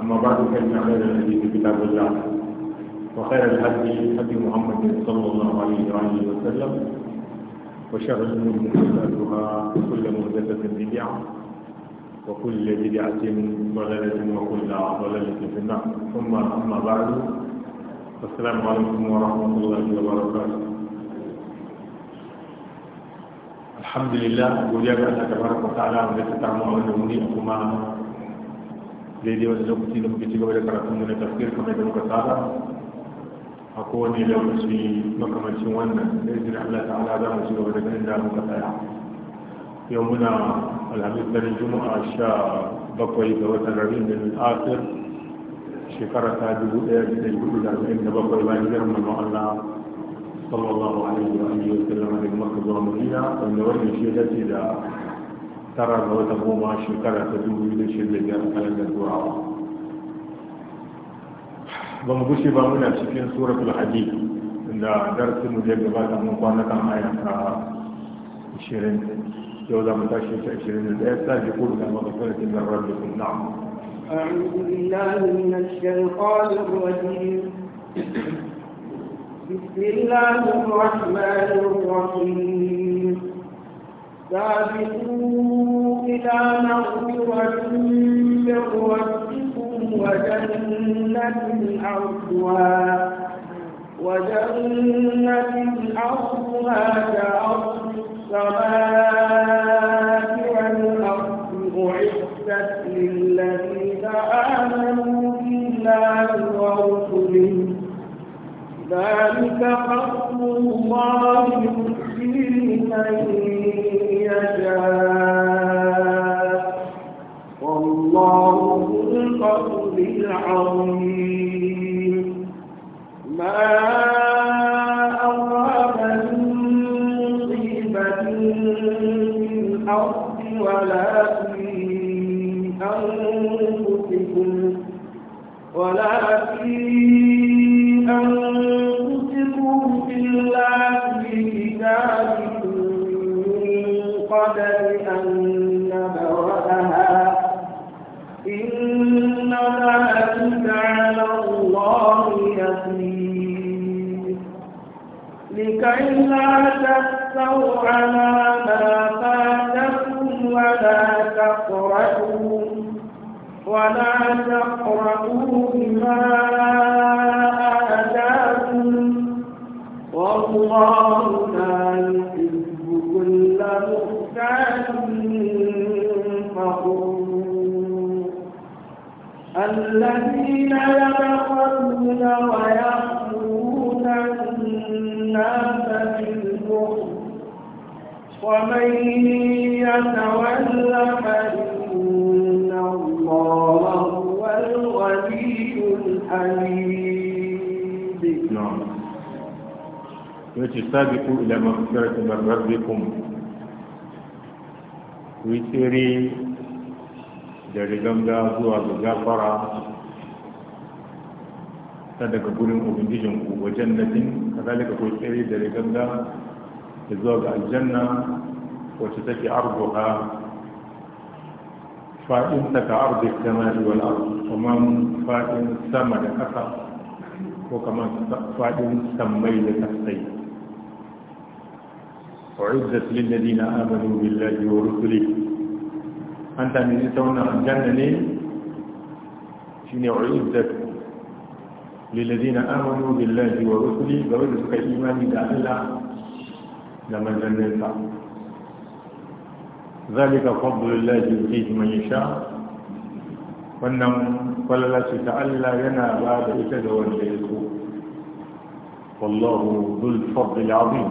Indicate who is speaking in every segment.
Speaker 1: أما بعد فإن خير الحديث كتاب الله وخير الهدي هدي محمد صلى الله عليه وآله وسلم وشر الأمور محدثاتها وكل محدثة بدعة وكل بدعة ضلالة وكل ضلالة في النار ثم أما بعد السلام عليكم ورحمة الله وبركاته الحمد لله godiya الله تبارك وتعالى wa ta'ala wanda ta daidai wani lokaci da muke cigaba da karatun mu na tafsir kamar da muka saba a kowane lokaci makamancin wannan da izinin Allah ta'ala za mu cigaba da ganin da muka tsaya yau muna alhamis garin juma'a sha bakwai ga watan rabin da al'asir shekara ta dubu ɗaya da ɗari hudu da arba'in da bakwai bayan hijirar manzon Allah sallallahu alaihi wa alihi wa sallam daga Makka zuwa Madina wanda wannan shi ya dace da ترى لو تبغوا ما شكرا تدوم يد اللي جاء كلام الدعاء بمقصي بامن أشكين سورة الحديد عند درس مجيب بعد من قانا كان آية شيرين جودا متاشي شيرين الآيات يقول لما تكون تجمع ربكم نعم
Speaker 2: أعوذ بالله من الشيطان الرجيم بسم الله الرحمن الرحيم سابقوا إلى مغفرة من ربكم وجنة أرضها وجنة أرضها كأرض السماء والأرض أعدت للذين آمنوا بالله ورسله ذلك فضل الله يؤتيه من عظيم كي لا تأسوا على ما فاتكم ولا تقرأوا ولا تقرأوا بما آتاكم والله لا يحب كل مختال فخور الذين يبخلون ومن يتولى فإن الله هو الغني الحميد نعم
Speaker 1: ويتي إلى مغفرة من ربكم ويتيري داري غمدا زوا بجافرة صدق قولهم وبنديجهم وجنة كذلك كويتيري داري غمدا الجنة wacce take فإن fa'in ta السماء والأرض samari wal ardu kuma fa'in sama da ƙasa ko fa'in sammai da kasai وعزت للذين آمنوا بالله ورسله أنت من يتونا الجنة ليه شين وعزت للذين آمنوا بالله ورسله فوجدك إيمان إذا ألا لما جنة ذلك فضل الله يؤتيه من يشاء قال لا تتعلى لنا بعد اتدى وانجلته والله ذو الفضل العظيم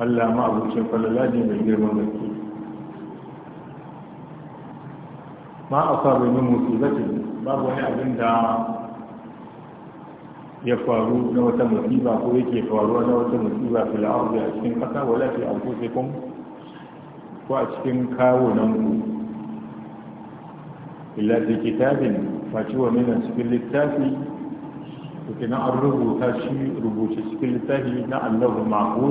Speaker 1: الا ما اعبدش فلا لازم غير ما ما اصاب من مصيبته بعض واحد عندها يفعلوا نوة مصيبة أو يجي يفعلوا نوة مصيبة في الأرض عشرين قطع ولا في أنفسكم ko a cikin ku illa fi kitabin faci wa minan cikin littafi suke na an rubuta shi rubuce cikin littafi na allahu ma'u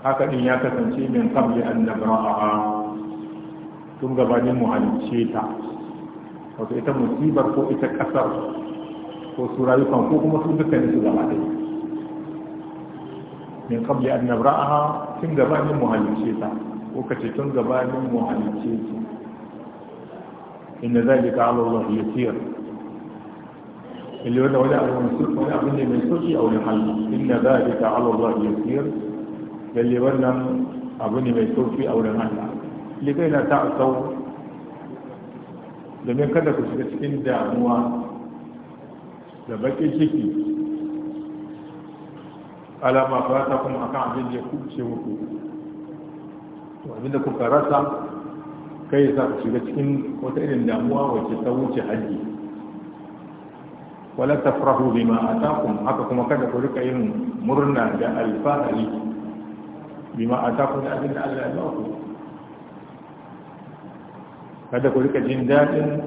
Speaker 1: haka din ya kasance min qabli an nabra'a tun gabanin muhallice ta wato ita musibar ko ita kasar ko su rayukan ko kuma su dukkanin su gaba ɗaya min kabli an nabra'aha tun gabanin muhallice ta lokaci tun gabanin muhallice ta inna zalika ala allah yasir illi wala wala abun sir wala abun ne mai sirri aw ne hal inna zalika ala allah yasir illi wala abun ne mai sirri aw ne hal li kaina ta asau domin kada ku shiga cikin damuwa da baki ciki alama fata kuma akan abin da ya kuce muku to abin da kuka rasa kai ya sa shiga cikin wata irin damuwa wacce ta wuce haji wala tafrahu bima atakum haka kuma kada ku rika yin murna da alfahari bima atakum da abin da Allah ya ba ku kada ku rika jin daɗin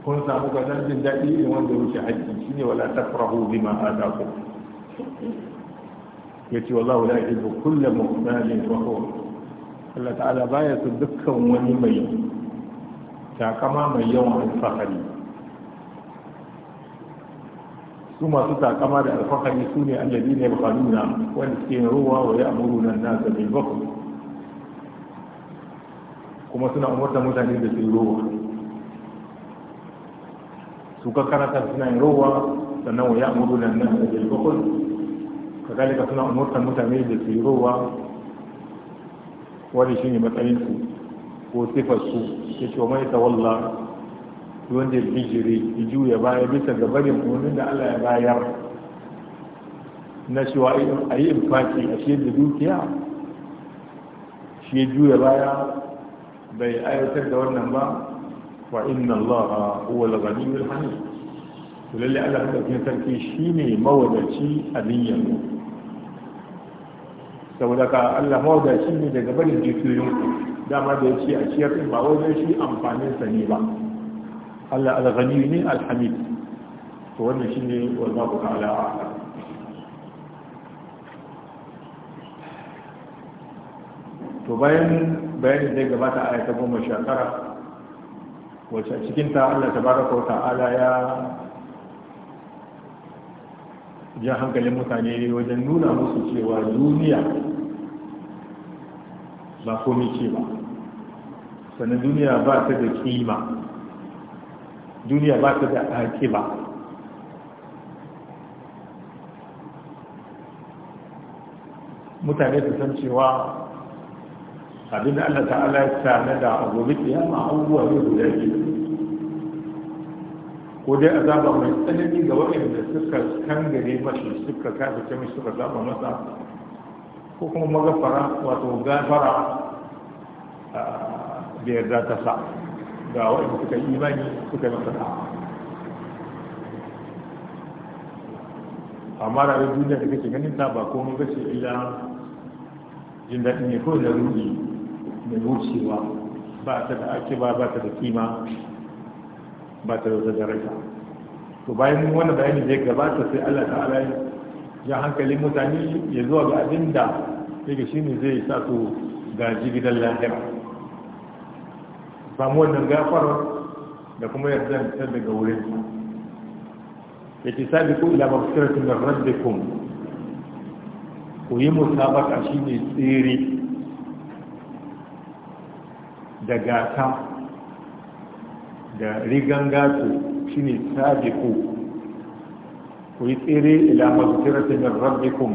Speaker 1: kun samu gazan jin daɗi irin wanda wuce haji shine wala tafrahu bima atakum ya ce wallahu la yuhibbu kulla muhtalin fakhur Allah ta'ala baya su dukkan wani mai takama mai yawan alfahari su masu takama da alfahari su ne allazi ne bakaluna wanda suke ruwa wa ya amuru nan nasa bil bakhl kuma suna umarta mutane da su ruwa su ka karanta suna yin ruwa sannan wa ya amuru nan nasa bil bakhl kazalika suna umurtar mutane da su yi rowa wani shi ne matsayinsu ko sifarsu ya ce wa mai tawalla wanda ya bijiri ya juya baya bisa ga barin umarnin da Allah ya bayar na cewa a yi infaki a shi da dukiya shi ya juya baya bai aiwatar da wannan ba wa inna Allah huwa al-ghaniyyul hamid to lalle Allah madaukakin sarki shine mawadaci a duniyar mu saboda ka Allah mawada shi ne daga barin jikiyoyin dama da ya ce a ciyar ɗin ba wajen shi amfanin sa ne ba Allah al-ghani ne al-hamid to wannan shi ne wanda ku ka to bayan bayanin da gabata a ayata goma sha tara wacce a cikinta Allah tabaraka wa ta'ala ya jan hankalin mutane wajen nuna musu cewa duniya ba komai ce ba sannan duniya ba ta da kima duniya ba ta da ake ba mutane su san cewa abinda Allah ta'ala ya tsane da agobi kiyama abubuwa ne guda biyu ko dai a zaba mai tsanani ga waɗanda suka kangare mashi suka kafa mai suka zaba masa ko kuma magafara wato gafara da yarda ta sa ga waɗanda suka yi imani suka masa da amma rayuwar duniya da kake ganin ta ba ko mun gashi illa jin daɗi ne ko da ruɗi mai wucewa ba ta da ake ba ba ta da kima ba ta da wata daraja to bayan wannan bayani da ya gabata sai Allah ta'ala ya ya hankalin mutane ya zuwa ga abin da yake shi ne zai sa su gaji gidan lahira samu wannan gafar da kuma yarda ta daga wurin ya ce sabi ku ila mafisiratun da rabbikun ku yi musabaka shi ne tsere da gata da rigan gato shi ne sabi ku ku yi tsere ila mazkirati min rabbikum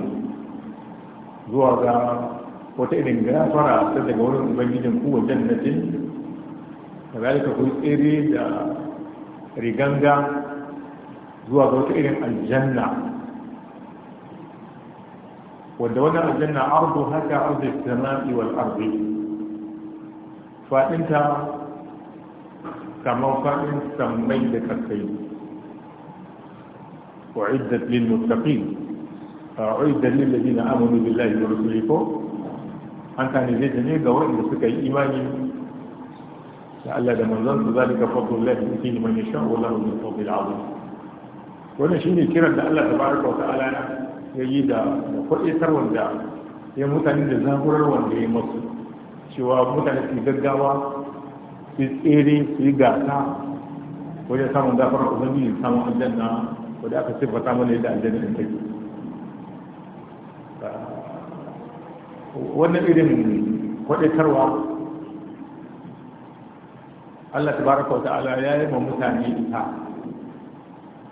Speaker 1: zuwa ga wata irin gafara ta daga wurin ubangijin ku wa jannatin da ku kuyi tsere da riganga zuwa ga wata irin aljanna wanda wannan aljanna ardu haka ardu samai wal ardi fadinta kamar fadin sammai da kasai أعدت للمتقين أعدت للذين آمنوا بالله ورسوله an tanaje ne ga waɗanda suka yi imani da Allah da manzon su zalika fadlullahi yuti liman yasha wallahu bil fadlil azim wannan shine kiran da Allah tabaraka wa ta'ala ya yi da kwaɗetar wanda ya mutane da zaburar wanda ya masu cewa mutane su gaggawa su tsere su yi gasa wajen samun gafarar ubangiji samun aljanna ko da aka siffata mana yadda aljanna ɗin take wannan irin kwadatarwa Allah baraka wa ta'ala ya yi ma mutane ita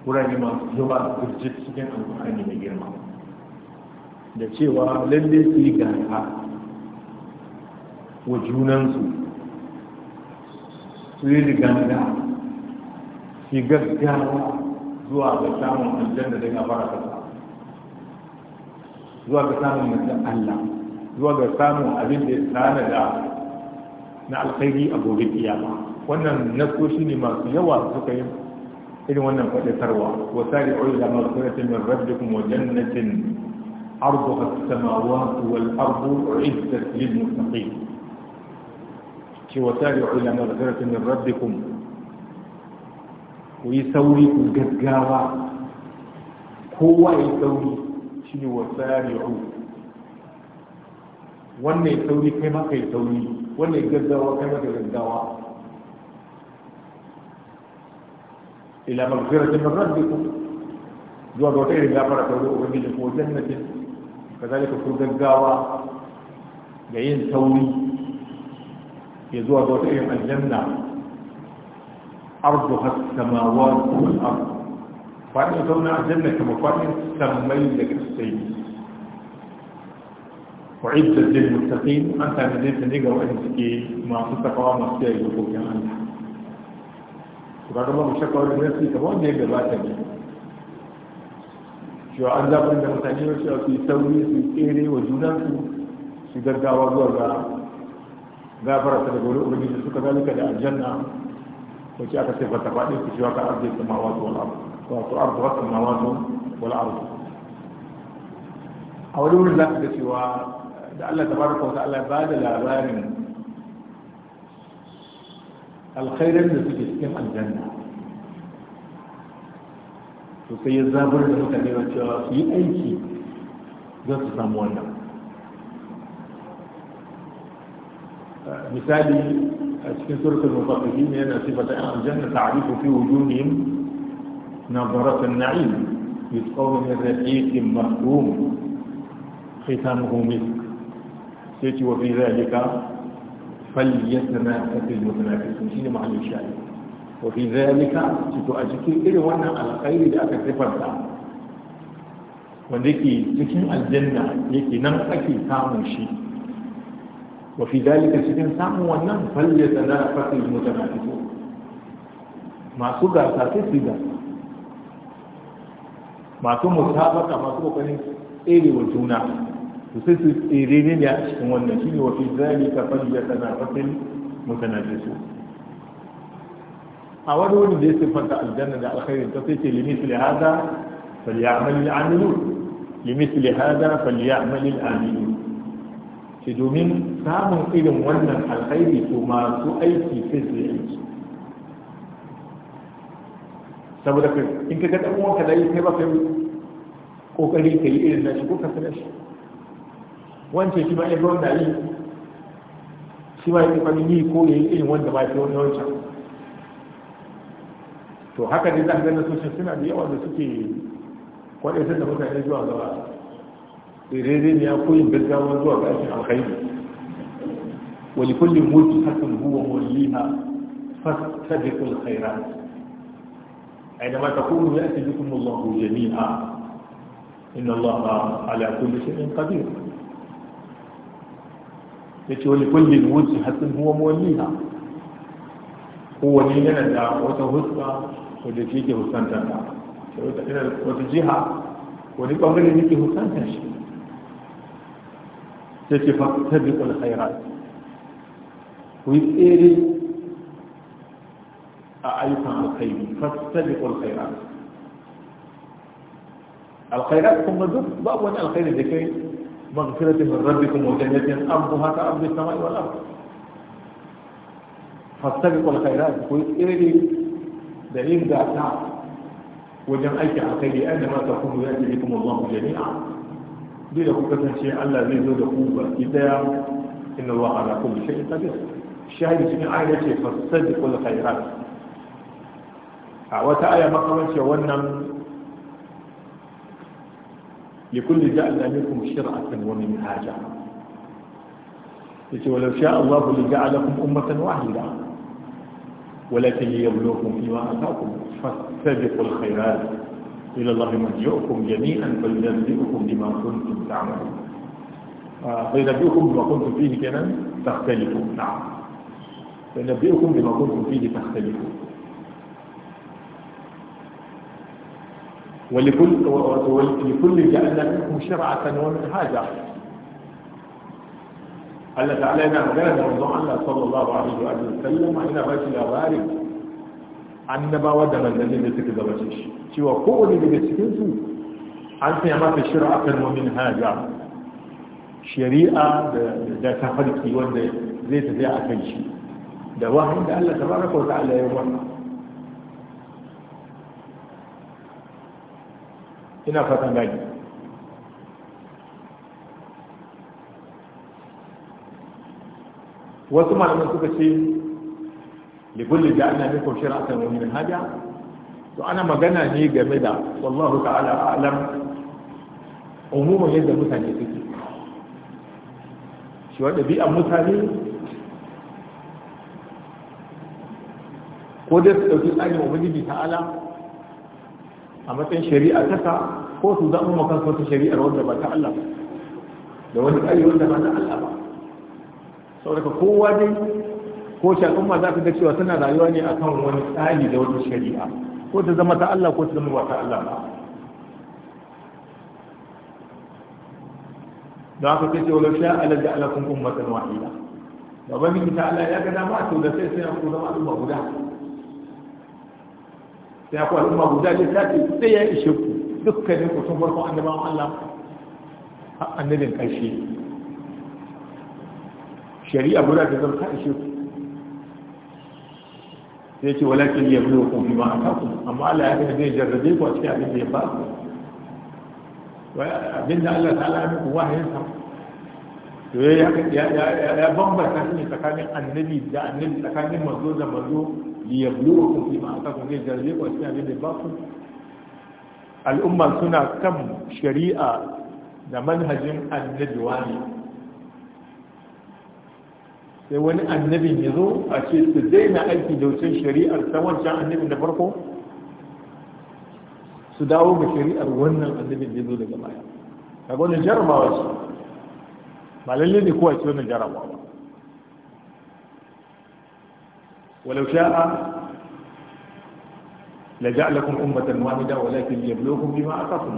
Speaker 1: wurare masu yawa burjit cikin alƙur'ani mai girma da cewa lalle su yi gata wa junansu su yi riganga su yi gaggawa zuwa ga samun aljanna da ga fara kasa zuwa ga samun manzan Allah zuwa ga samun abin da ya tsana da na alkhairi a gobe kiyama wannan nasoshi ne masu yawa suka yi irin wannan faɗakarwa wa sari'u ila maghfiratin min rabbikum wa jannatin عرضها السماوات والأرض عزت للمتقين وسارعوا إلى مغفرة من ربكم ku yi sauri ku gaggawa kowa ya sauri shi ne wa tsari'u wannan ya sauri kai maka ya sauri wannan ya gaggawa kai maka gaggawa ila magfiratin min rabbikum zuwa ga wata irin gafara ta wurin ubangiji ko jannatin kazalika ku gaggawa da yin sauri ya zuwa ga wata irin aljanna أرضها السماوات والأرض فأنا أتونا أعزلنا كما قال سمي لك السيد وعيد وعدة المتقين أنت عندين تنيجا وأنتك ما تتقوى مصير يقول يا أنت سبحان الله مشكور لنفسي كمان نيجا باتني شو أنزا بند متانيو شو في يسوي في كيري وجودك شو قد دعوة غفرت لك ولو جسوك ذلك لأجلنا وكي أكثر فتفائل كشواك أرض السماوات والأرض وأرض السماوات والأرض أولون لك بسوى الله تبارك وتعالى بعد الأبارين alkhairar da suke cikin aljanna to sai ya zabar da mutane na cewa su yi aiki في سورة المطففين لأن صفة أهل الجنة تعريف في وجودهم نظرة النعيم يسقون من رحيق مختوم ختامه مسك سيتي وفي ذلك فليتنافس المتنافسون شنو معنى الشاهد وفي ذلك ستؤجكي إلى وانا على خير لأك سفر wanda وانا cikin aljanna الجنة nan نمتكي samun shi wa fi dalika cikin samun wannan falle na fasil mutanafisu masu gasa sai su gasa masu musabaka masu kokarin tsere juna to sai su tsere ne ne a cikin wannan a wani wani da ya siffanta aljanna da alkhairin ta sai ce limisli hada falyamal al'amilun limisli hada shi domin samun irin wannan alkhairi ko masu aiki sai su aiki saboda ka in ka gaɗa dan uwanka da yi kai ba kai kokari ka yi irin nashi ko ka sanar shi wancan shi ma ya zo da yi shi ma ya kokarin yi ko ya yi irin wanda ba ya wani wancan to haka dai za ka gani sosai suna da yawa da suke kwaɗe da mutane zuwa gaba ريرين يقول بالجوا جوا بأشياء الخير ولكل موت موجهة هو موليها فاستبقوا الخيرات عندما تقول يأتي بكم الله جميعا إن الله على كل شيء قدير يأتي ولكل موجهة هو موليها هو نينا دا وتهزا وتجيجه سنتنا وتجيها ولكل موجهة هو سنتنا شيء sai ce fattabiqul khairat ku yi tsere a ayyukan alkhairi fattabiqul khairat alkhairat kuma duk babu wani alkhairi da kai مغفرة من ربكم وجنة أرضها كأرض السماء والأرض فاستبقوا الخيرات وإلي دليل ذاتا وجمعك على خير أنما تكون يأتي بكم الله جميعا duk da ku kasance Allah zai zo da ku baki daya inna Allah ala kulli shay'in qadir shahidi cikin ayar ce fasaddiqul khairat a wata aya makamancin wannan likulli ja'alna minkum shir'atan wa minhaja yace walau sha Allah li ja'alakum ummatan wahida walakin liyabluwakum fima ataakum fastabiqul khairat إلى الله مرجعكم جميعا فينبئكم بما كنتم تعملون آه، فينبئكم بما كنتم فيه كان تختلفون نعم فينبئكم بما كنتم فيه تختلفون ولكل ولكل جعلنا منكم شرعة ومنهاجا الله تعالى yana magana da الله Allah sallallahu alaihi wa sallam ina ba annabawa da manzannin da suka gabace shi cewa kowane daga cikinsu an sanya masa shira a kalmomin haja shari'a da ta farki wanda zai tafi a kan shi da wahayin da Allah tabaraka wa ta'ala ya wannan ina fatan gani wasu malaman suka ce da kullum da ana nufin shira'atan wani haja to ana magana ne game da wallahu ta'ala alam umuman yadda mutane suke shi wa ɗabi'an mutane ko dai su ɗauki tsarin ubangiji ta'ala a matsayin shari'a kasa ko su zaɓi makan wata shari'ar wanda ba ta Allah da wani tsari wanda ba ta Allah ba saboda kowa dai ko shi al'umma za ka ga cewa suna rayuwa ne a akan wani tsari da wata shari'a ko ta zama ta Allah ko ta zama ba ta Allah ba da haka kace wala sha ala ja'alakum ummatan wahida da bani ta Allah ya ga dama to da sai sai ku zama al'umma guda sai ku al'umma guda ce, sai sai ya ishe ku dukkanin ku sun farkon annabawan Allah annabin karshe shari'a guda ta zama ta ishe ku sai ce walakin ya biyo kun fi ma akaku amma Allah ya ga zai jarrabe ku a cikin abin da ya ba ku wai abin da Allah ta'ala ya muku wahayin sa to ya ya bambanta shi tsakanin annabi da annabi tsakanin manzo da manzo li yabluwakum fi ma akaku zai jarrabe ku a cikin abin da ya ba ku al'umma suna kan shari'a da manhajin annabi wani sai wani annabin ya zo a ce su daina aiki da wucin shari'ar ta wancan annabin da farko su dawo ga shari'ar wannan annabin da ya zo daga baya ga wani jarabawa ce ba lalle ne kowace wani jarabawa ba walau sha'a la ummatan لجعلكم أمة واحدة ولكن ليبلوكم بما أعطاكم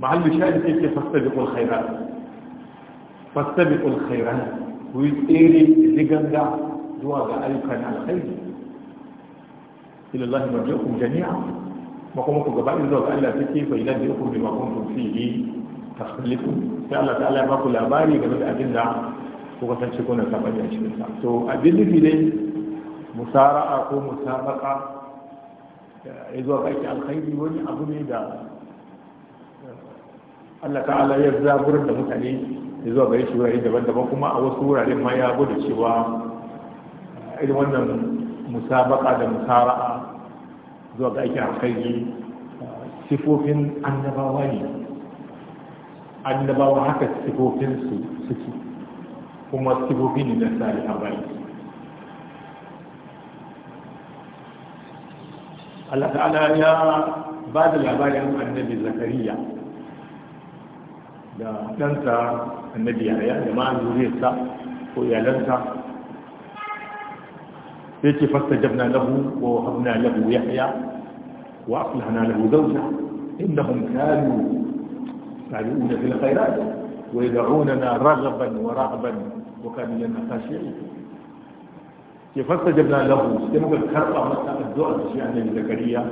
Speaker 1: محل الشاهد كيف فاستبقوا الخيرات فاستبقوا الخيرات ku yi tsere ziganga zuwa ga ayyukan alkhairi ilallahi marji'ukum jami'a ma kuma ku gaba zuwa ga Allah take fa ilan da yakum bima kuntum fihi takhtalifun sai Allah ta'ala ya baku labari game da abin da ku kasance kuna sabani a cikin sa to abin da dai musara'a ko musabaqa ya eh, zuwa ga aiki alkhairi wani abu ne da eh, Allah ta'ala ya zaburar da mutane zuwa gare shi daban-daban kuma a wasu wuraren ma ya gwada cewa irin wannan musabaka da musara'a zuwa ga aikin alkhairi sifofin annabawa ne annabawa haka sifofin su suke kuma sifofin ne na salihan bai Allah ta'ala ya ba da labarin annabi zakariya da ɗansa annabi yaya da ma'an zuriyarsa ko iyalansa sai ce fasta jabna lahu wa habna lahu yahya wa aslahna lahu zawja innahum kanu في الخيرات ويدعوننا رغبا ورهبا وكان لنا خاشعين فاستجبنا له قلت كربا متى الدعاء في عن زكريا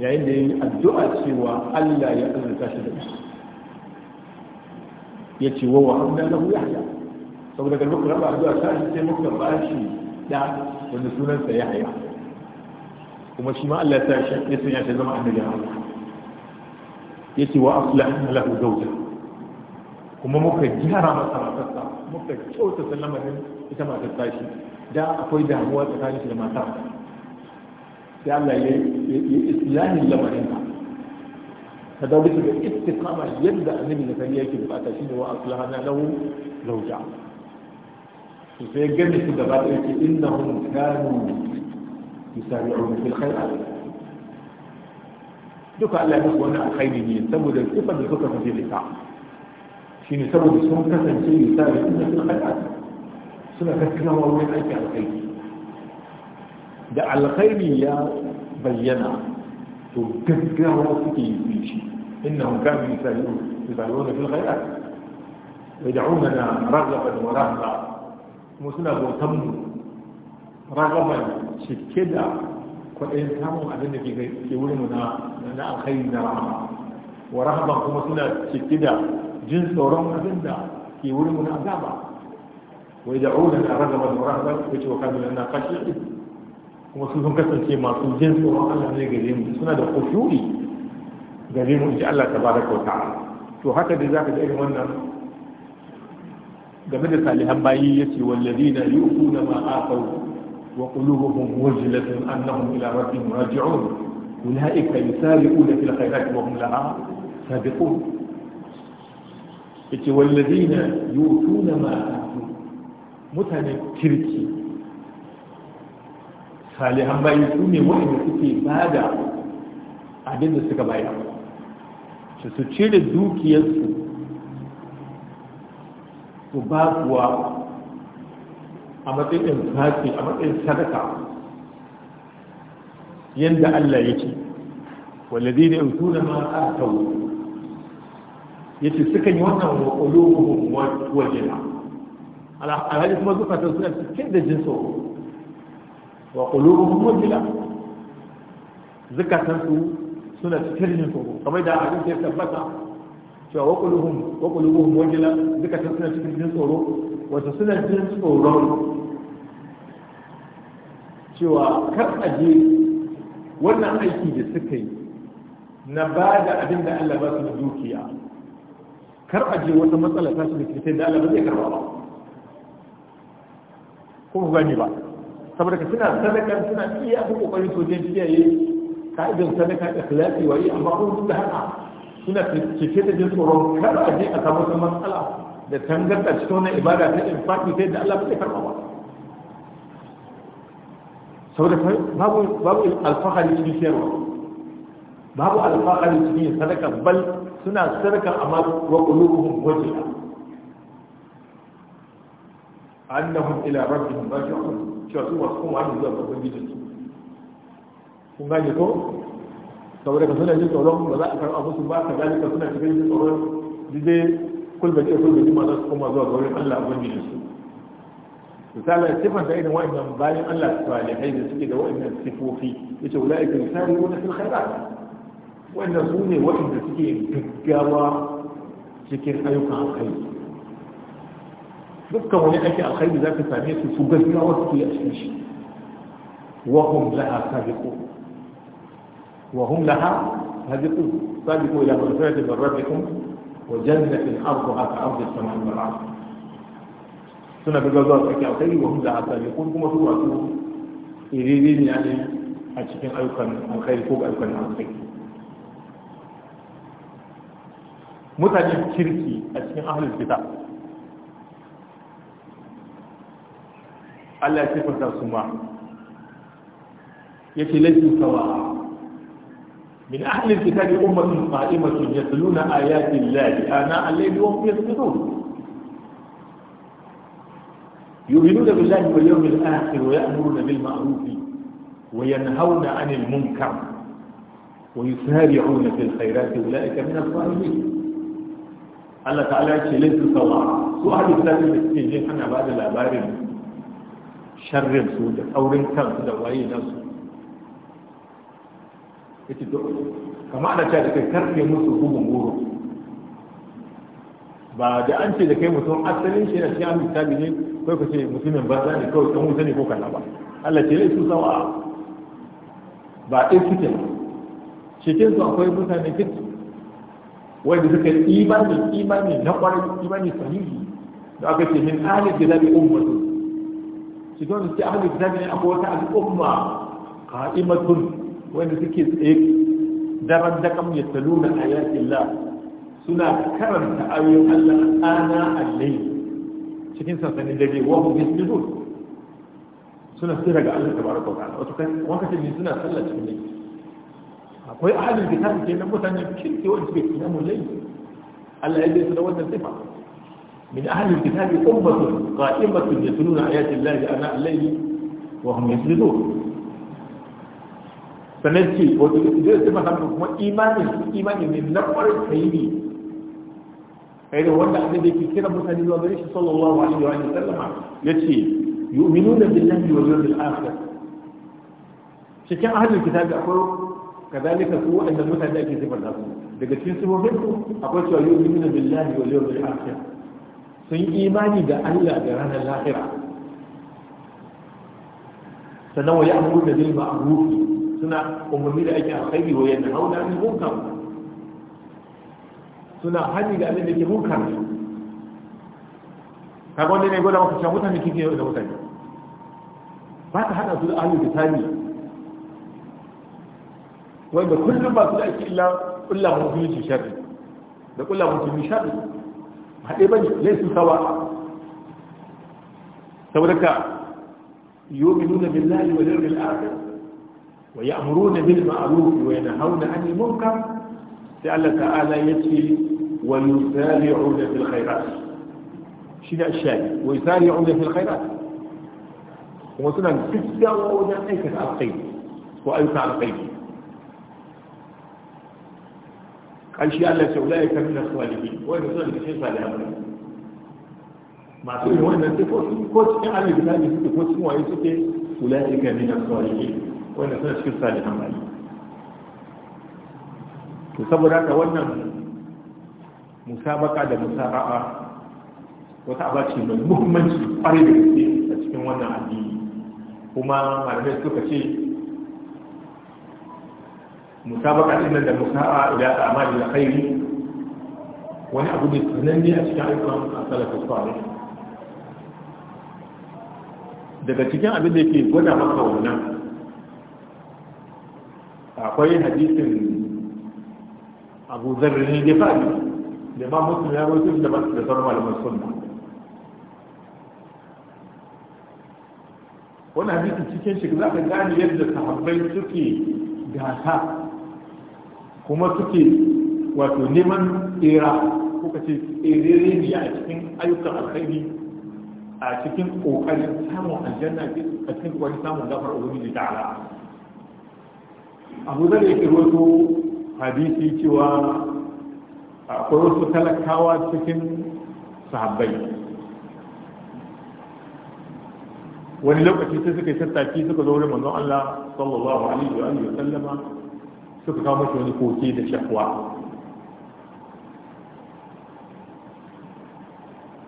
Speaker 1: يعني الدعاء سوى الا يأذن كاشف ya ce wa wahabna lahu yahya saboda kan muka raba zuwa sashi sai muka bashi da wanda sunansa ya haya kuma shi ma Allah ya sa ya sanya shi zama annabi Allah yace wa aslahna lahu zawja kuma muka gyara masa matarsa muka kyautata lamarin ita matar tashi da akwai damuwa tsakanin shi da matar da Allah ya islahin lamarin هذا بس الاستقامة يبدأ من نتنيا كده بقى تشيل وأصلها له زوجة فيجمع في الدبابة إنهم كانوا يسارعون في الخيرات دوك على نفس وانا الخير مين سبب الكفر بالكفر في الدفاع شين سبب السوم كثر شيء يسارع في الخيرات سنة كثرة وين أي على الخير ده على الخير يا بينا تذكروا في شيء إنهم كانوا يسألون يسألون في الغيرات يدعوننا رغبا ورهبا مسلم وتم رغبا شكدا كل إنسان أدنى في يقولون أنا أخينا ورهبا مسلم شكدا جنس ورم أدنى يقولون أنا ويدعوننا رغبا ورهبا وكانوا لنا قشعين kuma sun kasance masu jin tsoron Allah ne gare mu suna da khushu'i gare mu inji Allah tabaraka wa ta'ala to haka dai zaka ga irin wannan game da salihan bayi yace walladina yu'tuna ma ataw wa qulubuhum wajlatun annahum ila rabbihim raji'un ulaika yusari'una fil khairati wa hum laha sabiqun yace walladina yu'tuna ma ataw mutane kirki salihan bayi su ne waɗanda suke ba da abin da suka bayar su su cire dukiyarsu su ba kuwa a matsayin fasi a matsayin sadaka yadda Allah ya ce wallazi ne in tuna ma a tawo ya ce suka yi wannan wa ƙulubuhun wajena alhaji kuma ta suna cikin da jinsu. wa qulubuhum mutila zakatan su suna cikin tsoro kamar da hadisi ya tabbata cewa wa qulubuhum wa qulubuhum mutila zakatan suna cikin tsoro wato suna jin tsoro cewa kar a je wannan aiki da suka yi na ba da abin da Allah ba su da dukiya kar a je wata matsala ta su da kitai da Allah ba zai karba ba kuma gani ba saboda suna sadaka suna iya abu kokarin su wajen kiyaye ka'idar sadaka da wa waye amma ko duk da haka suna cike da jin tsoron kada a je a samu wata matsala da tangarda cikin wannan ibada ta infaki sai da Allah bai karba ba saboda babu babu alfahari cikin siyarwa babu alfahari cikin sadaka bal suna sadaka amma wa qulubuhum wajilah annahum ila rabbihim raji'un cewa su masu kuma hannun zuwa babban gidan su kun gane ko saboda ka suna jin tsoron ba za a karɓa musu ba ka gane ka suna cikin jin tsoron jide kulba ce kulba ji masu kuma zuwa gaurin allah abin gidan su misalin sifan da irin wa'annan bayan allah salihai da suke da wa'annan sifofi ya ce wula ikin sari wani sun khairat wa'annan su ne wa'anda suke gaggawa cikin ayyukan alkhairi dukkan wani ake alkhairi za ka same su su gaskiya wasu ke a cikin shi wa hum laha sabiqu wa hum laha sabiqu sabiqu ila maghfirati min rabbikum wa jannatin arduha ka ardi as-sama'i wal ard suna ga zuwa ake alkhairi wa hum laha sabiqu kuma su wasu iriri ne a cikin ayyukan alkhairi ko ga ayyukan alkhairi mutanen kirki a cikin ahlul kitab Allah ya sifanta su ma yace laysu sawa min ahli alkitabi ummatun qa'imatun yatluna ayati llahi ana al-layli wa يؤمنون بالله واليوم الآخر ويأمرون بالمعروف وينهون عن المنكر ويسارعون في الخيرات أولئك من الصالحين الله تعالى يقول ليس سواء سؤال الثالث في الجنة بعد الأبارين sharrin su da tsaurin kansu da waye na su yace to Kamar da ta take karfe musu gugun goro ba da an ce da kai mutum asalin shi na siya misali ne kai ku ce mutumin ba za ne kawai kan wuta ne ko kana ba Allah ce lai su sawa ba ɗin suke ba cikin su akwai mutane kirki wanda suka yi imani imani na kwarai imani sahihi da aka ce min ahli jilali ummatu su zo su ce ahlul kitabi ne akwai wata al'umma qa'imatun wanda suke tsaye daren dakam ya taluna ayatillah suna karanta ayoyin Allah ana allai cikin sansanin dare wa hum yasjudun suna sai daga Allah baraka wa ta'ala wato kan wakati ne suna sallah cikin dare akwai ahlul kitabi ke nan mutane kirki wanda suke kiyamun layli Allah ya su da wannan sifa من أهل الكتاب أمة قائمة يتلون آيات الله أناء الليل وهم يسجدون فنجي وتجد ما هم إيمان إيمان من نقر الحيدي أيضا وانا أعني ذلك كنا مثل النبي صلى الله عليه وسلم يتشي يؤمنون بالله واليوم الآخر شكرا أهل الكتاب أقول كذلك هو أن المثل لا يجب أن أقول لكن سبب منه أقول يؤمنون بالله واليوم الآخر sun imani da Allah da ranar lahira sannan wa ya'muru da bil ma'ruf suna umarni da ake alkhairi wa yanhauna 'anil munkar suna hani da abin da ke munkar kaga wanda ne gwada maka mutane kike yau da mutane ba ta hada su da ahlul kitabi wanda kullum ba su da ake illa kullum shi sharri da kullum musulunci sharri haɗe ba ne laifin sawa saboda ka yu'minuna billahi wal yawmil akhir wa ya'muruna bil ma'ruf wa yanhauna 'anil munkar sai Allah ta'ala yace wa yusari'una fil khairat shi da shayi wa yusari'una fil khairat kuma suna gaggawa wajen aikata alkhairi ko ayyuka alkhairi shi Allah ce wula ya kan na salihi wanda suna da cikin salihan ne masu yin wannan sifofi ko cikin ana gida ne suke ko su waye suke wula ya kan na salihi wanda suna cikin salihan ne to saboda ka wannan musabaka da musara'a wata abaci mai muhimmanci kwarai da gaske a cikin wannan addini kuma malamai suka ce musabaka din da musa'a ila amali alkhairi wani abu da sananne a cikin ayyukan salafus salih daga cikin abin da ke gwada maka wannan akwai hadisin abu zarri ne da fa'i da ma mutum ya rawaito da ba da sauran malaman sunna wannan hadisin cikin shi za ka gane yadda sahabbai suke gasa kuma suke wato neman tsera kuka ce tserere ne a cikin ayyukan alkhairi a cikin kokarin samun aljanna a cikin kokarin samun gafar ubangiji ta'ala abu zai yake wato hadisi cewa akwai wasu talakawa cikin sahabbai wani lokaci sai suka yi tattaki suka zo wurin manzon Allah sallallahu alaihi wa sallama suka kawo mashi wani koke da shakwa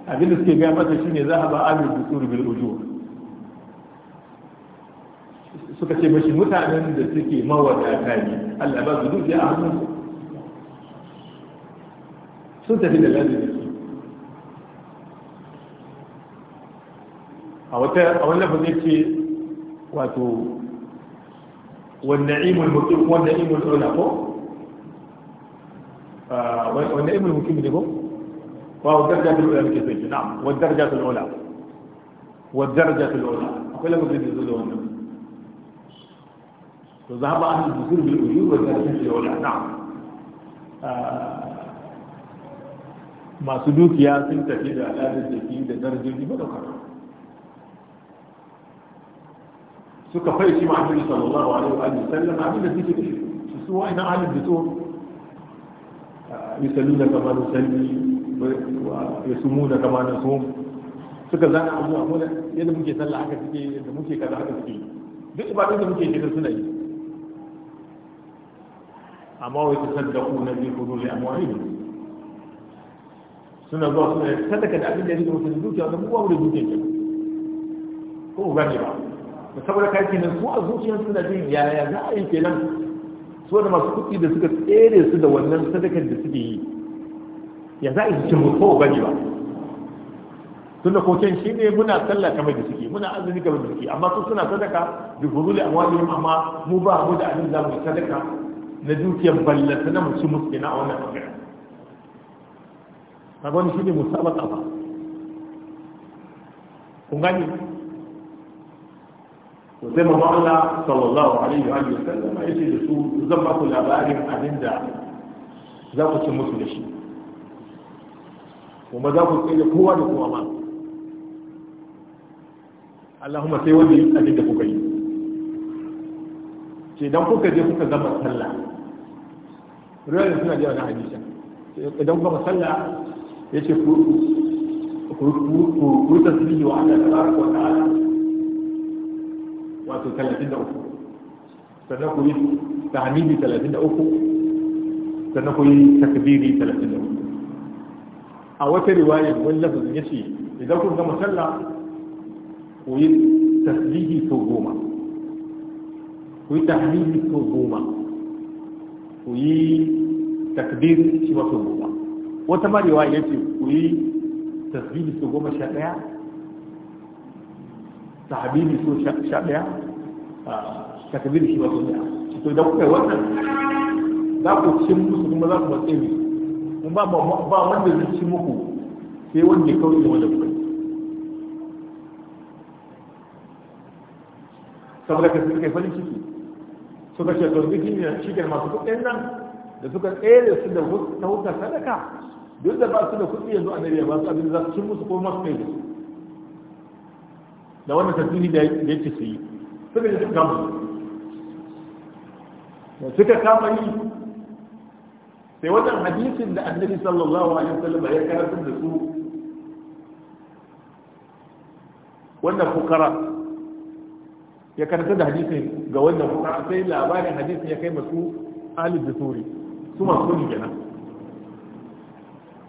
Speaker 1: abinda suke gaya masa ne za a ba amin dusur bil ujur suka ce mashi mutanen da suke mawadata ne Allah ba su dukiya a hannun sun tafi da lazimi a wata a wannan ba zai ce wato والنعيم المقيم والنعيم الأولى آه، والنعيم المقيم ده وهو الدرجة الأولى كيف نعم والدرجة الأولى والدرجة الأولى أقول لك بدي تقول وذهب أهل الدخول بالأجور والدرجة الأولى نعم آه، ما سلوك يا سنتك إذا لا تدرك إذا درجة الأولى سكفاية مع النبي صلى الله عليه وآله وسلم عمل الذكر سواء هنا على الدتور يسلون كما نسلي ويصومون كما نصوم سك زانا أبو أمونة يلا ممكن يسلى حكا تكي يلا ممكن يكاد حكا في دي بعد يلا ممكن يكاد سنة أما هو يتصدقون بخذول أموالهم سنة الله سنة صدقة أبو الذي يتصدقون كما أو هو غني بعض saboda kai kenan su a zuciyar suna jin yaya za a yi kenan su da masu kuɗi da suka tsere su da wannan sadakar da suke yi ya za a yi cin ko bane ba tun da koken shi ne muna sallah kamar da suke muna azumi kamar da suke amma su suna sadaka da huruli amwalihim amma mu ba mu da abin za mu sadaka na dukiyar ballata na mutum muskina a wannan bangaren Sabon shi ne musabaka ba kun gani to sai mamman Allah sallallahu alaihi wa sallam ya ce da su zan ba labarin abin za ku ci musu da shi kuma za ku tsaye kowa da kowa ma Allahumma sai wani abin da kuka yi ce kuka je kuka zama sallah ruwan suna jiya na hadisa kuka ya ce ku wa wato 33 sannan ku yi tahmidi 33 sannan ku yi takbiri 33 a wata riwaya wani lafazin ya ce idan kun gama sallah ku yi tasbihi sau goma ku yi tahmidi sau goma ku yi takbiri shi ma goma wata ma riwaya ya ce ku yi tasbihi sau goma sha ɗaya sahabibi so sha ɗaya da shi wasu ɗaya to idan kuka yi wannan za ku ci musu kuma za ku matse mu in ba ba wanda zai ci muku sai wanda ya kauce wanda kuka saboda ka suka yi farin ciki suka ce to duk ne shi masu kuɗin nan da suka tsere su da wuta sadaka duk da ba su da kuɗi yanzu a nariya ba su abin za su ci musu ko masu kai da su da wannan tasiri da yake su yi suka yi kama da suka kama yi sai wannan hadisin da annabi sallallahu alaihi wasallam ya karanta da su wannan fukara ya karanta da hadisin ga wannan fukara sai labarin hadisin ya kai masu alif da suri su masu ne kenan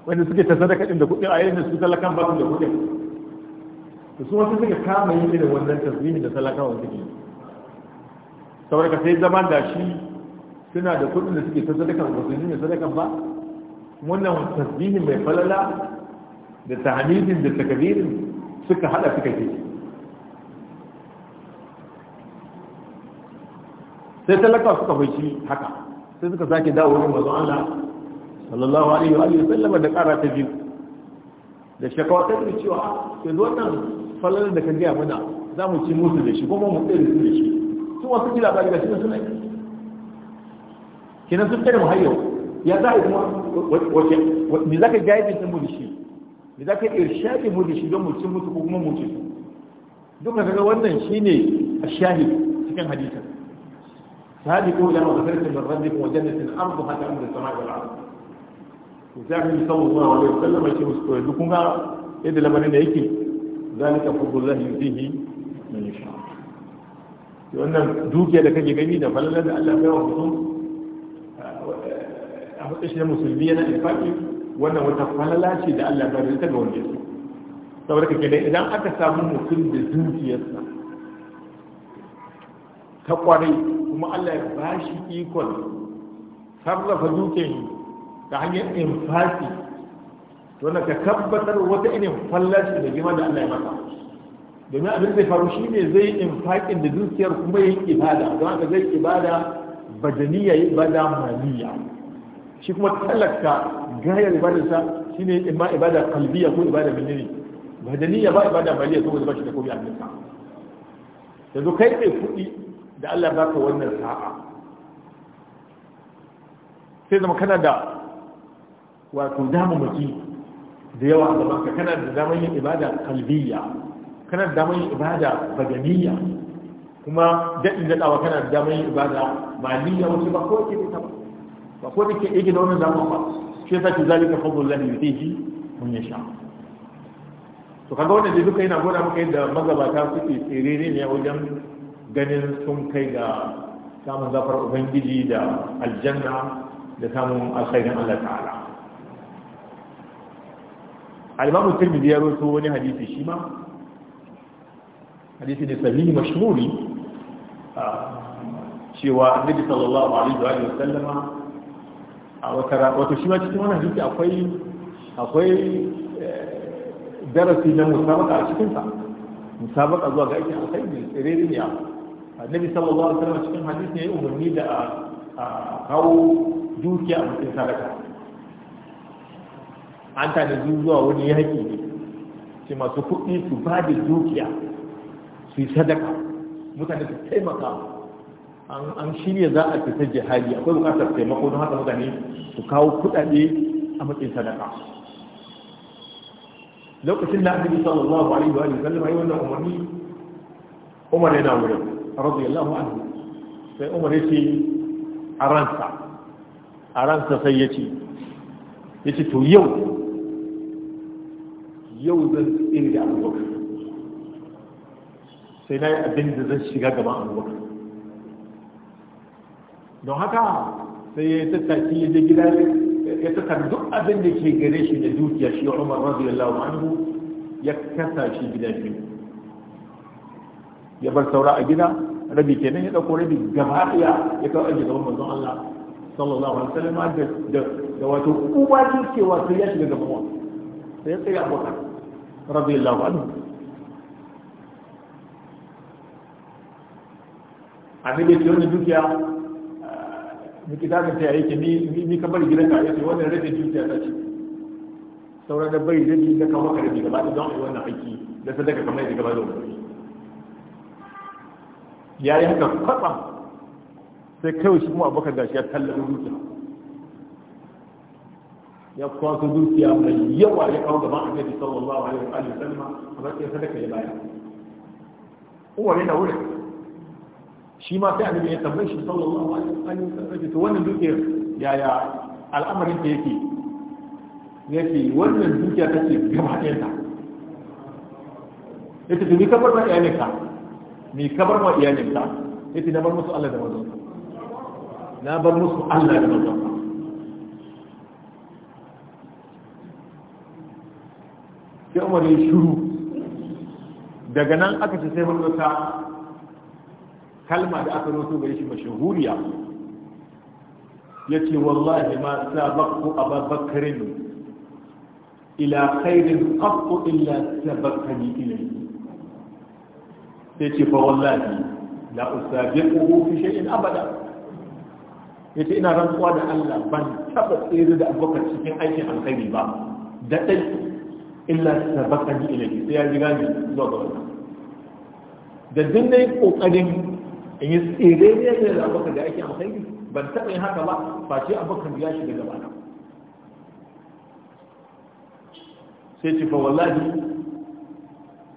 Speaker 1: wanda suke ta sadaka din da kuɗi a yayin da su talakan ba su da kuɗi to su wasu suka kama yi irin wannan tasbihin da talakawa suke saboda sai zaman da shi suna da kudin da suke ta sadaka ba su ne sadaka ba wannan tasbihin mai falala da tahmidin da kabirin suka hada suka ke sai talakawa suka fashi haka sai suka sake dawo wurin mazan Allah sallallahu alaihi wa sallama da kara ta biyu da shakawatar ta cewa ke zo nan falalar da ka gaya mana za mu ci musu da shi kuma mu tsere su da shi su wasu ji ba ga shi suna yi kenan sun tsere muhayyau ya za a kuma wace me za ka gaya din mu da shi me za ka irshadi mu da shi don mu ci musu ko kuma mu ci duk da kaga wannan shine shahi cikin hadisin sabiqu da maghfiratin min rabbikum wa jannatin arduha ka'amri as-sama'i da ardh to sallallahu alaihi wasallam ya ce musu to duk kun yadda labarin da yake zalika fadlullahi yutihi man yasha wannan dukiya da kake gani da falalar da Allah ya wa mutum eh, a matsayin na musulmi yana infaki wannan wata falala ce da Allah ya bari ta ga wanda su saboda kake da idan aka samu mutum da dukiyarsa ta kwarai kuma Allah ya bashi ikon sarrafa dukiyar ta hanyar infaki to na ka tabbatar wata irin fallaci da girma da Allah ya maka domin abin zai faru shi ne zai in infaƙin da dukiyar kuma yin ibada don haka zai ibada badaniya ya ibada maliya shi kuma talaka gayar ibadarsa shi ne ma ibada kalbiya ko ibada menene badaniya ba ibada maliya saboda ba shi da komai a cikin yanzu kai mai kuɗi da Allah baka wannan sa'a sai zama kana da wato damamaki da yawa a gaban ka kana da damar yin ibada kalbiya kana da damar yin ibada badaniya kuma daɗin daɗawa kana da damar yin ibada maliya wasu ba ko ke ta ba ba ko da ke iya gina wannan zaman ba shi yasa ki zalika fadlullahi yutihi mun yasha to kaga wannan da duka yana gona maka yadda magabata suke tsirere ne wajen ganin sun kai ga samun zafar ubangiji da aljanna da samun alkhairin Allah ta'ala al-imamu tirmidhi ya rawaito wani hadithi shima hadithi ne sahihi mashhuri cewa annabi sallallahu alaihi wa sallama wato shima cikin wani hadithi akwai akwai eh, darasi na musabaka a cikin sa musabaka zuwa ga aikin alkhairi tsirere ne annabi sallallahu alaihi wa sallama cikin hadisi ne umarni da a kawo dukiya a cikin sadaka an tanadi zuwa wani yaƙi ne sai masu kuɗi su ba da dukiya su yi sadaka mutane su taimaka an shirya za a fita jihadi akwai buƙatar taimako don haka mutane su kawo kuɗaɗe a matsayin sadaka lokacin da annabi sallallahu alaihi wa sallama yi wannan umarni Umar yana wurin radiyallahu anhu sai Umar yace a ransa a ransa sai yace yace to yau yau zan tsere da abubakar sai na yi abin da zan shiga gaban abubakar don haka sai ya tattaki ya je gida ya tattaki duk abin da ke gare shi da dukiya shi umar radiyallahu anhu ya kasa shi gida biyu ya bar saura a gida rabi kenan ya dauko rabi gaba ɗaya ya kawo aji gaban manzon Allah sallallahu alaihi wasallam da da wato uba cewa sai ya shiga gaban wa sai ya tsaya abokan رضي الله عنه ya ce wani dukiya miki eh, ta yake ni ni ka bari gidanka ya ce wannan dukiya ta da bai rabi da kawo ka rabi gaba da don wannan aiki da sadaka kamar yadda gaba da sai kawai shi kuma abokan gashi tallafin dukiya ya kwaso dukiya mai yawa ya kawo gaban annabi sallallahu alaihi wa alihi wasallam a matsayin sadaka ya bayar Umar yana wuri shi ma sai annabi ya tambaye shi sallallahu alaihi wa sallam to wannan dukiyar yaya al'amarin ta yake yake wannan dukiya take gaba ɗayan ta yace to ni kabar ma iyalinka ni kabar ma iyalinka yace na bar musu Allah da manzon na bar musu Allah da manzon sai umar ya shuru daga nan aka ce sai wata kalma da aka roto gare shi mashahuriya ya ce wallahi ma sa a ababakarin ila khairin qattu illa bakkani ilai. sai ce fa wallahi la usabiquhu fi shay'in abada Ya ce ina rantsuwa da Allah ban taɓa tsere da abokan cikin aikin alkhairi ba da dai illa ji ilayhi sai ya riga ni zuwa ga wannan da duk dai kokarin in yi tsere ne da abubakar da ake alkhairi ban taɓa yin haka ba face abubakar ya shiga gaba na sai ce fa wallahi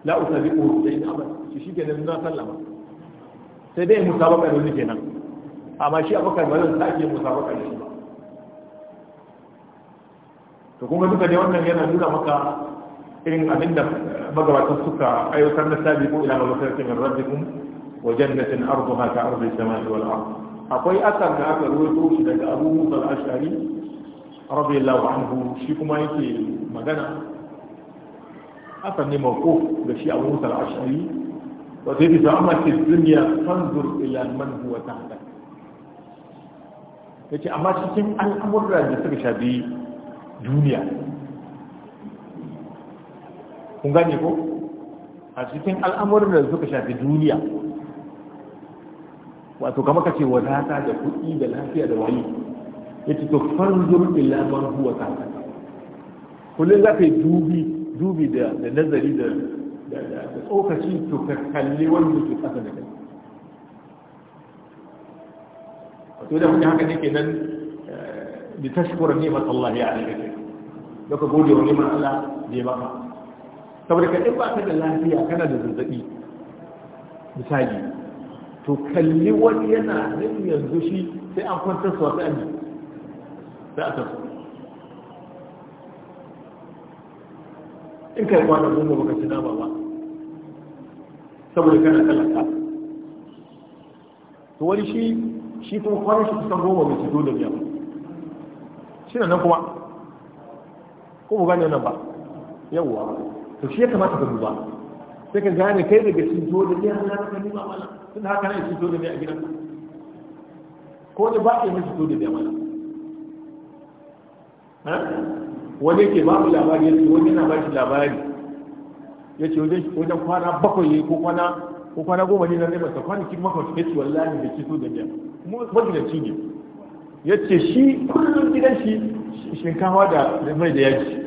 Speaker 1: la usabiqu sai in amal shi shike da na sallama sai dai musabaka da nake nan amma shi abubakar ba zan sake musabaka da shi ba to kuma duka dai wannan yana nuna maka إن أمنا بقرة السكة أي وكما سابقوا إلى مغفرة من ربكم وجنة أرضها كأرض السماء والأرض أقوي أثر كأثر ويقول شدك أبو موسى الأشعري رضي الله عنه شيكو مايكي مدنة أثر موقوف لشي أبو موسى الأشعري وتجد زعمك الدنيا فانظر إلى من هو تحتك yace amma cikin al'amuran da suka shafi duniya kun gane ko a cikin al'amuran da suka shafi duniya wato kama kace wadata da kuɗi da lafiya da wayi yace to fanzur ila man huwa kafir kullun za ka yi dubi dubi da da nazari da da tsokaci to ka kalli wanda ke kasa da kai wato da kuma haka nake nan bi tashkura ni'mat Allah ya alaika kai da ka gode wa ni'mat Allah da ya baka saboda ka in ba ka da lafiya kana da zazzabi misali to kalli wani yana nan yanzu shi sai an kwantar su wasu aji za a tafi in kai kwana goma baka ci nama ba saboda kana talaka to wani shi shi kuma kwanan shi kusan goma mai ci dole biya shi nan kuma ko mu gane nan ba yawwa to shi ya kamata ka duba sai ka gane kai daga sun zo da biya Allah ka nima mana tun haka ne sun zo da biya a gidanka ko da ba ne sun zo da biya mana wani ke ba mu labari yace wani yana ba shi labari yace wajen wajen kwana bakwai ne ko kwana ko kwana goma ne na ne masa kwanakin makon yace wallahi da so da biya mu magidanci ne yace shi kullum gidan shi shinkawa da mai da yaji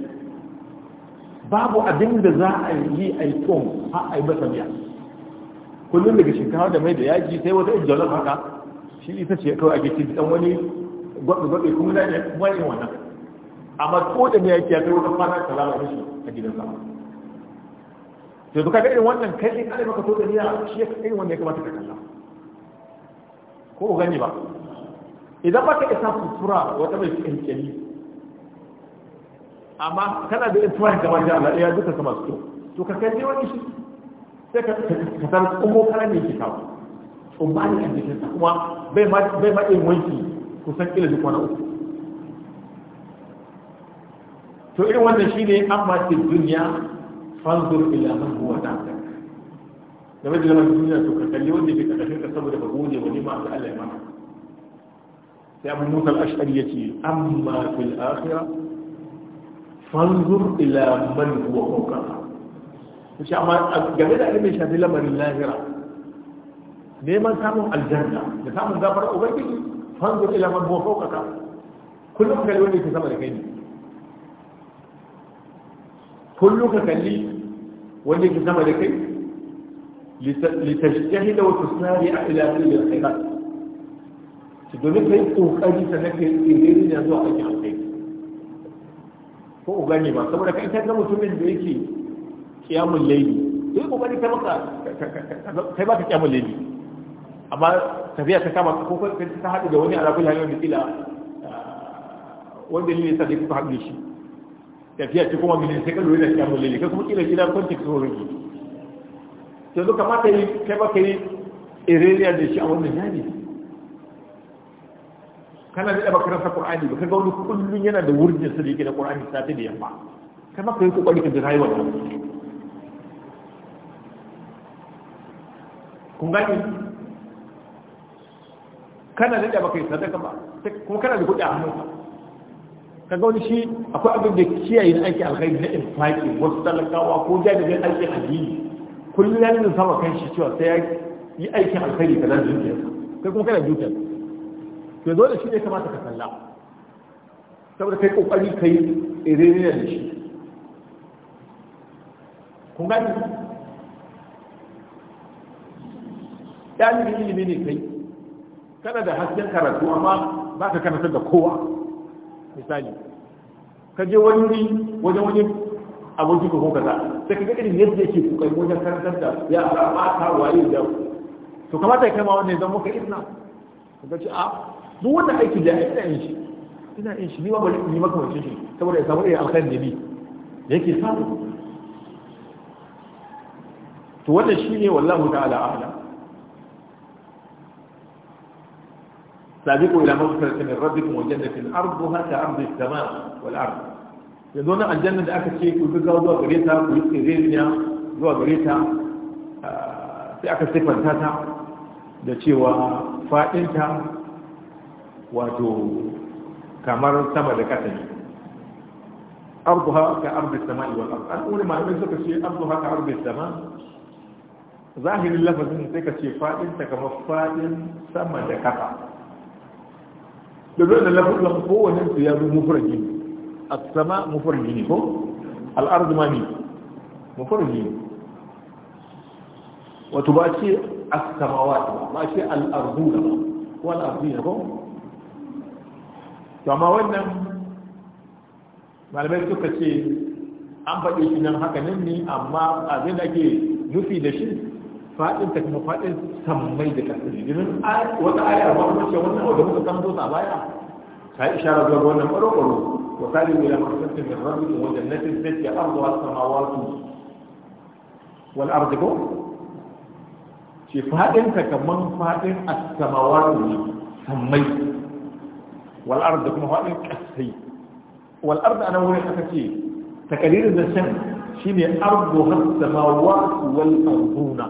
Speaker 1: babu abin da za a yi a yi a a yi masa kullum daga shinkawa da mai da yaji sai wata in jollof haka shi ita ce kawai ake cikin dan wani gwabe-gwabe kuma da ya kuma yin wannan amma ko da ne yaki ya kai wata fara ta lalata shi a gidansa sai duka ga irin wannan kai in ana maka to da niyya shi ya kai wanda ya kamata ka kalla ko gani ba idan baka isa sutura wata mai cikin amma kana da tuwa da manja Allah ya duka sama su to ka kalle wani shi sai ka ka san kuma kana ne ki kawo umma ne a kuma bai ma bai ma yin wanki kusan kila duk wani uku to irin wannan shine amma cikin duniya fanzur ila man huwa ta'ala game da zaman duniya to ka kalli wanda ke kakashin ka saboda ba gode wani ma Allah ya maka sai abu musa al-ash'ari yace amma fil akhirah فانظر الى من هو فوقك مش اما جابر ابن مشهد لما لله رب نيما سامو الجنه نسامو دبر اوبيكي فانظر الى من هو فوقك كلهم كلمه في سمر كيني كلك كلي وجهك في سمر كيني لتجتهد وتسارع الى كل الخيرات تدري كيف تقول لي سنك الدين يا زوجي ko ku gane ba saboda kai ta ga mutumin da yake kiyamul laili sai bari ta maka kai ba ka kiyamun laili amma tafiya ta kama ko ta haɗu da wani alaƙul hanyar da kila ah, wanda ne sai da kuka haɗu shi tafiya ce kuma bilin sai ka lura da kiyamul laili kai kuma kila kila kwanci ko horon to duka kamata yi kai ba kai yi ireliya da shi a wannan yanayi kana da makarantar qur'ani ba kaga wani kullun yana da wurin sa da yake da qur'ani sati da yamma kama kai kokari ka jira wannan kun gani kana da baka yi sadaka ba kuma kana da kuɗi a hannunka kaga wani shi akwai abin da kiyaye na aiki alkhairi na infaki wasu talakawa ko jami'in aikin addini kullum ya nuna sama kan shi cewa sai ya yi aikin alkhairi kaza da dukiyarsa kai kuma kana dukiyarsa to zo da shi ne kamata ka kalla saboda kai kokari kai iririya da shi kun gani ɗalibin ilimi ne kai kana da hasken karatu amma ba ka karatar da kowa misali ka je wani wuri wajen wani abokin ko kaza sai ka ga irin yadda yake kokari wajen karantar da ya ba ta waye da to kamata ya kai ma wannan zan muka irna ka ga ci a ah, duk wanda aiki da ina yin shi ina yin shi ni ma bari ni makamancin shi saboda ya samu irin alkhairin da ni da yake samu to wannan shine wallahu ta'ala a'lam سابقوا إلى مغفرة من ربكم وجنة أرضها كأرض السماء والأرض يظن الجنة أكثر شيء كل فكرة وضوء غريتها كل غيرنا وضوء غريتها في أكثر سيكون تاتا da cewa faɗinta. wato kamar sama da kasa ne arduha ka sama sama'i wal arzu an wani malamai suka ce arduha ka arzu sama zahirin lafazin sai ka ce fadin ta kamar fadin sama da kasa da zai da lafazin kowane su ya zo gini? a sama mufurji gini ko al'arzu ma ne mufurji gini? wato ba ce a samawa ba ba ce al'arzu da ba ko al ne ko to amma wannan malamai suka ce an faɗi shi nan haka nan ne amma abin da ake nufi da shi faɗin ta kuma faɗin sammai da kasiri domin wata aya ba mu ce wannan da muka san zo a baya ta yi ishara zuwa ga wannan ɓaro ko wa sari mai lamar sassin da rabbi da wajen nafin sai ke arzuwa samawatu wal arziko ce faɗin ta kamar faɗin a sama ne sammai wal da kuma faɗin kasai wal da ana wurin aka ce takalirin da shan shine ardu has samawati wal arduna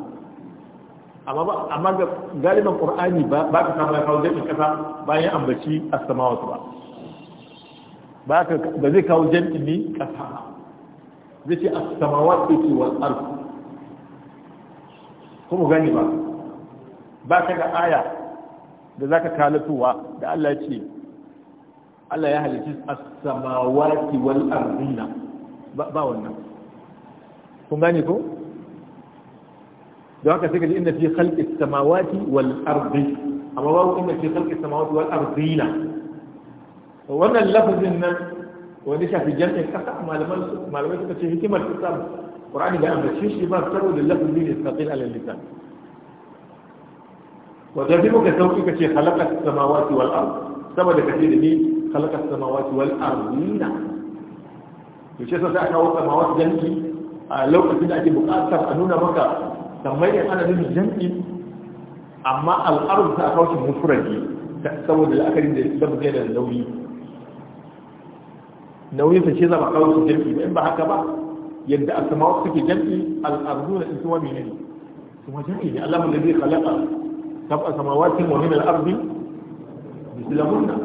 Speaker 1: amma amma ga galiban ƙur'ani ba ba ka samu ya kawo jami'in kasa bayan ambaci as-samawati ba ba ka ba zai kawo jami'in kasa zai ce a samawati wal ard kuma gani ba ba ka ga aya da za ka kalatuwa da Allah ce Allah ya halitta as-samawati wal ardina ba wannan kun gane ko da haka sai ji inna fi khalqi as-samawati wal ardi amma babu inna fi khalqi as-samawati wal ardina wannan lafazin nan wani shafi jami'in kasa malaman malaman suka ce hikimar kitab qur'ani da amma shi shi ba da lafazin ne saqil ala lisan da bi muka sauki ka ce khalaqa as-samawati wal ardi saboda kace da ni خلق السماوات والارض يشهد ساعه خلق السماوات جنكي آه، لو كنت اجي بقاطر انونا بك سمي انا من جنكي اما الارض ساخوش مفرجي تسود الاخرين دي سبب غير النووي نووي في شيء ما قالوا جنكي ان با حكا با يدا السماوات في جنكي الارض انتوا مين ثم جنكي الله الذي خلق سبع سماوات ومن الارض بسلامنا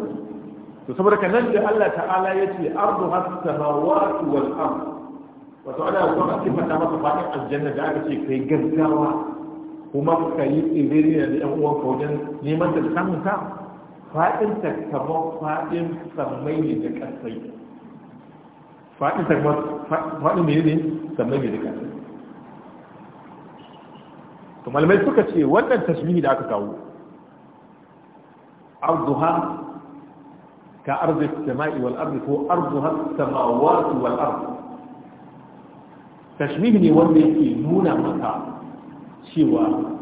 Speaker 1: to saboda ka nan da Allah ta'ala ya ce ardu has-samawati wal ard wato ana so a sifata maka fadin aljanna da aka ce kai gaggawa kuma ka yi tsibiri da ɗan uwan wajen neman da samun ta fadin ta kamar fadin sammai ne da kasai fadin ta kamar fadin ne ne sammai ne da kasai to malamai suka ce wannan tasbihi da aka kawo arduha ka arzi sama'i wal ko arzu har samawati wal ne wanda yake nuna maka cewa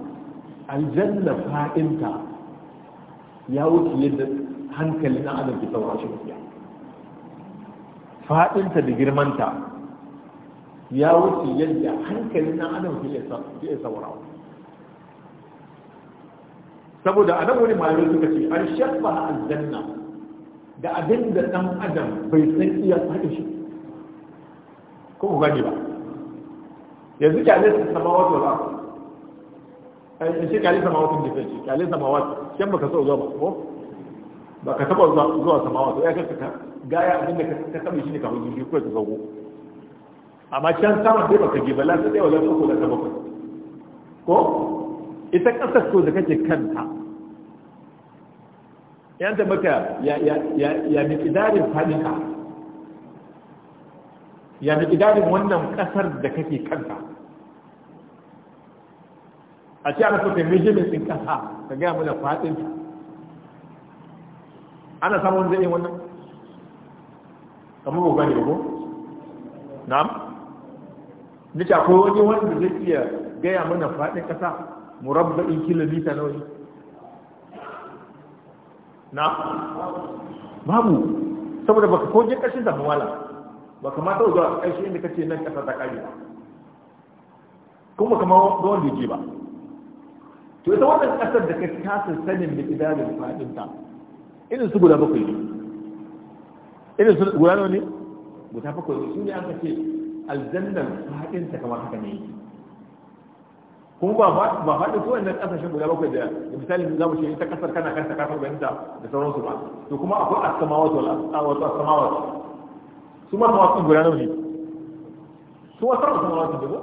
Speaker 1: aljanna fa'inta ya wuce yadda hankalin na adam ke saura shi fa'inta da girmanta ya wuce yadda hankalin na adam ke iya saurawa saboda a nan wani suka ce an shabba aljanna da abin da ɗan adam bai san iya faɗi shi ko ku gani ba yanzu kyale su sama wato ba a shi kyale sama wato ne kai kyale sama wato kyan baka so zuwa ba ko ba ka taba zuwa sama wato ya kaka gaya abin da ka taba shi ne ka hujji ko ka zago amma can sama sai baka ji ba la sai wala ko da ta bakwai ko ita kasar ko da kake kanta yan da maka ya miƙidarin fadika ya miƙidarin wannan ƙasar da kake kanta a ce ana suka measurement ɗin ƙasa ka gaya mana faɗin ana samun zai yin wannan kamar ba ko na'am nita akwai wani wanda zai iya gaya mana faɗin ƙasa murabba'in kilomita nauyi na babu saboda baka koje kashin da mawala ba kamata zuwa kashi inda kace nan kasa ta kare kuma kama ga wanda yake ba to ita wannan kasar da ka kasa sanin da idanun fadin ta irin su guda bakwai ne irin su guda ne guda bakwai ne shine aka ce aljannar fadin ta kamar haka ne yake kuma ba ba faɗi ko wannan ƙasashen guda bakwai da misali za mu ce ita ƙasar kana kanta ka fahimta da sauransu ba to kuma akwai asamawa wato asamawa su ma su guda nawa ne su wasu asamawa su da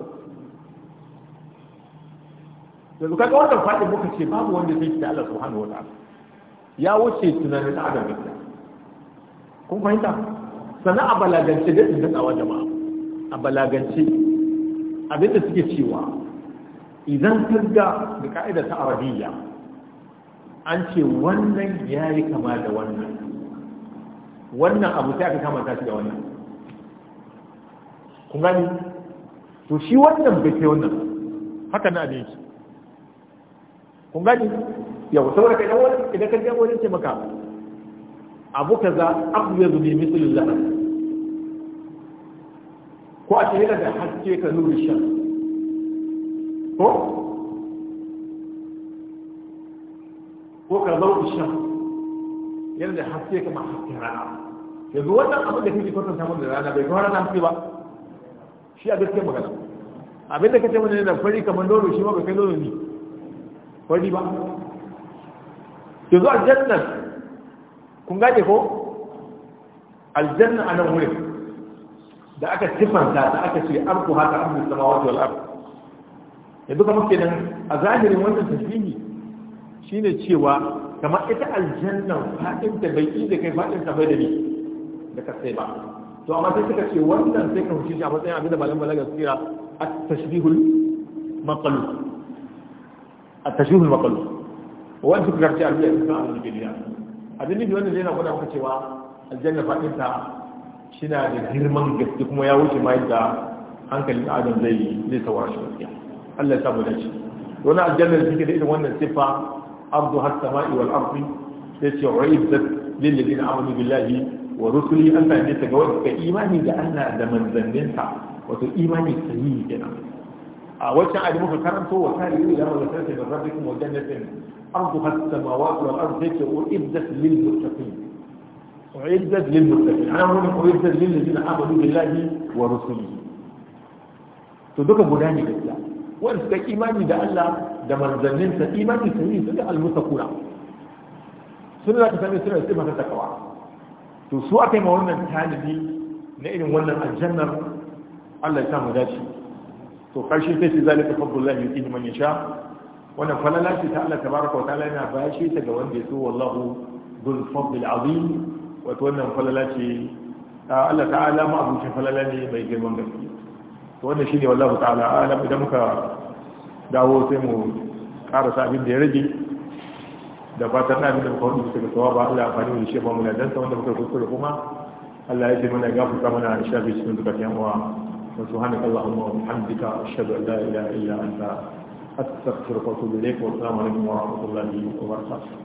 Speaker 1: yanzu kaga wannan faɗin muka ce babu wanda zai ci da Allah subhanahu wa ta'ala ya wuce tunanin da adam gaba kun fahimta sannan a balagance da tsawa jama'a a balagance abinda suke cewa idan kirga da ka'ida ta arabiya an ce wannan ya yi kama da wannan wannan abu sai aka kama shi da wannan kun gani to shi wannan bai kai wannan haka na abin shi kun gani yau saboda kai wani idan ka jawo ne ce maka abu kaza abu ya zubi misalin lahar ko a ce yana da haske ka nuri shan ko ko ka zau ishan yana da haske kamar hasken rana yanzu wannan abin da kake kwatanta mun da rana bai kawar rana haske ba shi a gaskiyar magana abin da kace mana yana fari kamar nono shi ma bai kai nono ne fari ba yanzu aljanna, kun gane ko aljanna a nan wurin da aka siffanta da aka ce arku haka arku samawati wal ardh yanzu kamar kenan a zahirin wannan shi ne cewa kama ita aljanna fadin ta bai yi da kai fadin ta bai da ni da ka sai ba to amma sai suka ce wannan sai ka huce shi a matsayin abin da malam balaga su kira a tashihul makalu a tashihul makalu wanda suka karci abin da suka abin da biya abin da wannan zai na gwada maka cewa aljanna fadin ta shi na da girman gaske kuma ya wuce ma yadda hankalin adam zai zai saurara shi gaskiya Allah ya samu dace wani aljanna da take da irin wannan sifa ardu has sama'i wal ardi sai ce uizat lil ladina amanu billahi wa rusuli an ta ta ga wanda imani da Allah da manzanninsa wato imani sahihi kenan a wancan ayi muka karanto wa kare yi da Allah sai da rabbikum wa jannatin ardu has samawati wal ardi sai ce uizat lil muttaqin uizat lil muttaqin ana mun uizat lil ladina amanu billahi wa rusuli to duka guda ne gaskiya wanda suka imani da Allah da manzanninsa imani su ne suka almusakuna sun da ka sami suna da sifar takawa to su aka yi ma wannan talibi na irin wannan aljannar Allah ya samu dace to karshe sai ce zalika fadlullahi yuti man yasha wannan falala ce ta Allah tabaraka wa ta'ala yana bashi ta ga wanda ya so wallahu dhul fadl azim wato wannan falala ce Allah ta'ala ma abucin falala ne mai girman gaske to wannan shine wallahu ta'ala alam idan muka dawo sai mu karasa abin da ya rage da fatan na abin da muka hudu daga tawaba Allah amfani da shi ba mu da sa wanda muka kuskure kuma Allah ya ji mana gafarta mana da shafi cikin zakatan uwa wa subhanaka allahumma wa bihamdika ashhadu an la ilaha illa anta astaghfiruka wa atubu ilayk wa assalamu alaikum
Speaker 2: wa rahmatullahi wa barakatuh